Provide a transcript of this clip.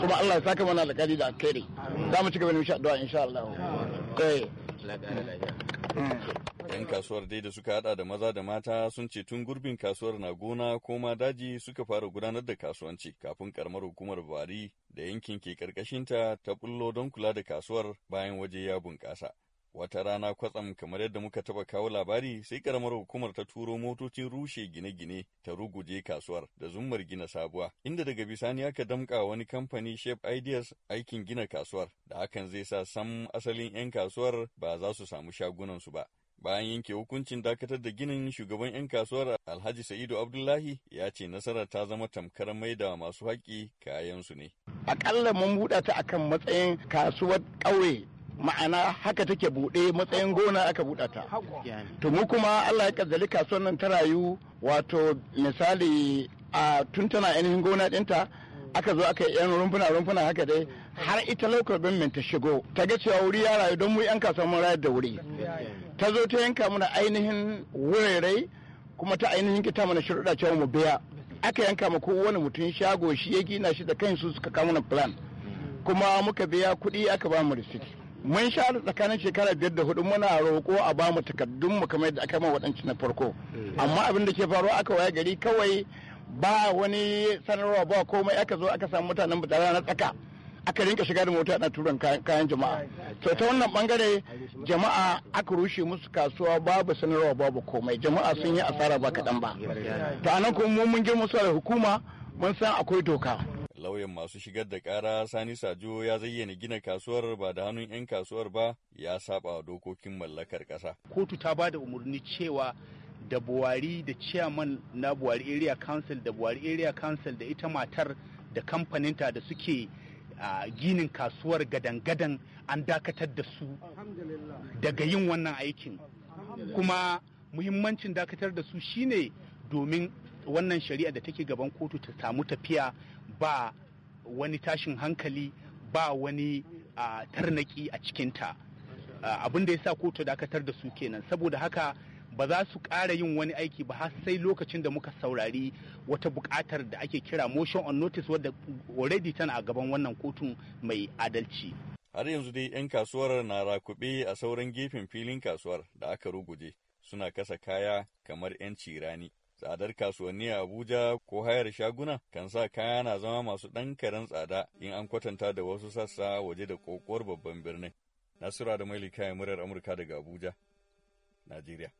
kuma Allah ya saka mana alƙali da alkhairi za mu ci gaba da mishi addu'a insha Allah Yan kasuwar dai da suka hada da maza da mata sun ce tun gurbin kasuwar na gona ko ma daji suka fara gudanar da kasuwanci kafin karamar hukumar Bari da yankin ke karkashinta ta bullo don kula da kasuwar bayan waje ya bunkasa. Wata rana kwatsam kamar yadda muka taba kawo labari sai karamar hukumar ta turo motocin rushe gine-gine ta ruguje kasuwar da zummar gina sabuwa, inda daga bisani aka damka wani kamfani Shape Ideas aikin gina kasuwar da hakan zai sa sam asalin 'yan kasuwar ba za su samu shagunansu ba. bayan yanke hukuncin dakatar da ginin shugaban 'yan kasuwar alhaji sa'idu abdullahi ya ce nasara ta zama tamkar maida masu haƙi kayansu ne akalla mun buɗe ta akan matsayin kasuwar ƙauye ma'ana haka take buɗe matsayin gona aka buɗa ta to mu kuma Allah ya kaddali kasuwar nan ta rayu wato misali a tun tana ainihin gona ɗinta aka zo aka yi yan rumfuna rumfuna haka dai har ita local government ta shigo ta ga cewa wuri ya rayu don mu yan kasuwa mun rayar da wuri ta zo ta yanka mana ainihin wurare kuma ta ainihin kita mana shirɗa cewa mu biya aka yanka ma wani mutum shago shi ya gina shi da kansu suka kawo mana plan kuma muka biya kuɗi aka ba mu receipt mun sha tsakanin shekara biyar da hudu muna roƙo a ba mu takardun mu kamar yadda aka ma waɗanci na farko eh. amma abin da ke faruwa aka waya gari kawai ba wani sanarwa ba komai aka zo aka samu mutanen mutane na tsaka aka rinka shiga da mota na turan kayan jama'a to ta wannan bangare jama'a aka rushe musu kasuwa babu sanarwa babu komai jama'a sun yi asara ba kaɗan ba to nan kuma mun girma su da hukuma mun san akwai doka Lauyan masu shigar da kara Sani Sajo ya zayyana gina kasuwar ba da hannun 'yan kasuwar ba ya saba wa dokokin mallakar ƙasa. Kotu ta ba da umarni cewa da Buwari da chairman na Buwari Area Council da Buwari Area Council da ita matar da kamfaninta da suke a ginin kasuwar gadan-gadan an dakatar da su daga yin wannan aikin. Kuma muhimmancin dakatar da su shine domin wannan shari'a da take gaban kotu ta samu tafiya ba wani tashin hankali ba wani uh, tarnaki a cikinta uh, abin da ya sa kotu dakatar da su kenan saboda haka ba za su ƙara yin wani aiki ba har sai lokacin da muka saurari wata buƙatar da ake kira motion on notice wadda already tana a gaban wannan kotun mai adalci. Har yanzu dai 'yan kasuwar na rakuɓe a sauran gefen filin kasuwar da aka ruguje suna kasa kaya kamar 'yan cirani. tsadar kasuwanni a Abuja ko hayar shaguna kan sa kaya na zama masu ɗan karen tsada in an kwatanta da wasu sassa waje da ƙoƙuwar babban birnin. Nasura da Mailika murar Amurka daga Abuja, Najeriya.